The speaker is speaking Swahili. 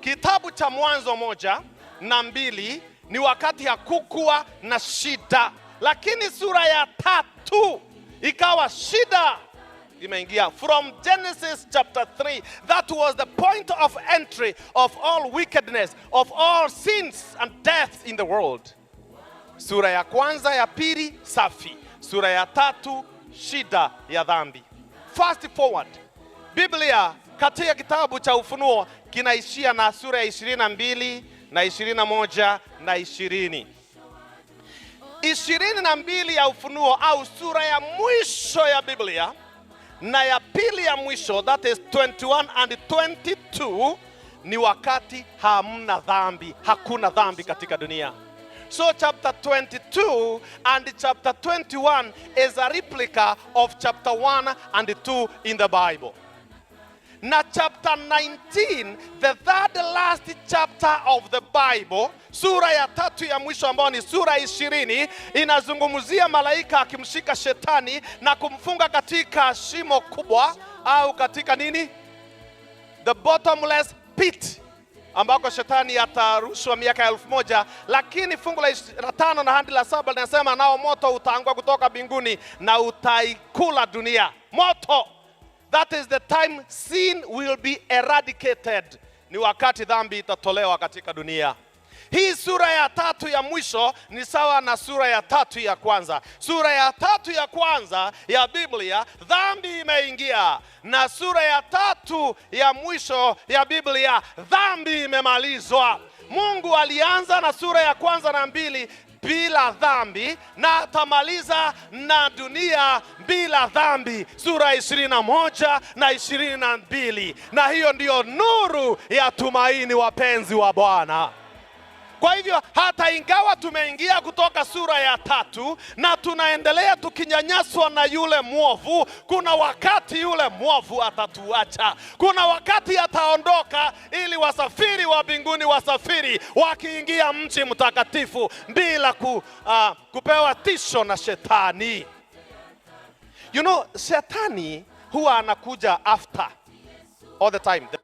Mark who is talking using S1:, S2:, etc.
S1: Kitabu cha Mwanzo moja na mbili ni wakati hakukuwa na shida, lakini sura ya tatu ikawa shida imeingia. From Genesis chapter 3 that was the point of entry of all wickedness of all sins and death in the world. Sura ya kwanza, ya pili safi, sura ya tatu shida ya dhambi. Fast forward Biblia katika kitabu cha Ufunuo kinaishia na sura ya ishirini na mbili na ishirini na moja na ishirini ishirini na mbili ya Ufunuo au sura ya mwisho ya Biblia na ya pili ya mwisho that is 21 and 22 ni wakati hamna dhambi, hakuna dhambi katika dunia. So chapter 22 and chapter 21 is a replica of chapter 1 and 2 in the Bible na chapter 19, the third last chapter of the Bible, sura ya tatu ya mwisho ambayo ni sura ishirini inazungumzia malaika akimshika shetani na kumfunga katika shimo kubwa au katika nini, the bottomless pit ambako shetani atarushwa miaka elfu moja lakini fungu la tano na handi la saba linasema nao moto utaangua kutoka binguni na utaikula dunia moto That is the time sin will be eradicated, ni wakati dhambi itatolewa katika dunia. Hii sura ya tatu ya mwisho ni sawa na sura ya tatu ya kwanza. Sura ya tatu ya kwanza ya Biblia dhambi imeingia, na sura ya tatu ya mwisho ya Biblia dhambi imemalizwa. Mungu alianza na sura ya kwanza na mbili, bila dhambi na atamaliza na dunia bila dhambi, sura 21 na moja na na mbili. Na hiyo ndiyo nuru ya tumaini, wapenzi wa Bwana. Kwa hivyo hata ingawa tumeingia kutoka sura ya tatu na tunaendelea tukinyanyaswa na yule mwovu, kuna wakati yule mwovu atatuacha, kuna wakati ataondoka, ili wasafiri wa mbinguni wasafiri wakiingia mji mtakatifu bila ku, uh, kupewa tisho na shetani. You know, shetani huwa anakuja after all the time.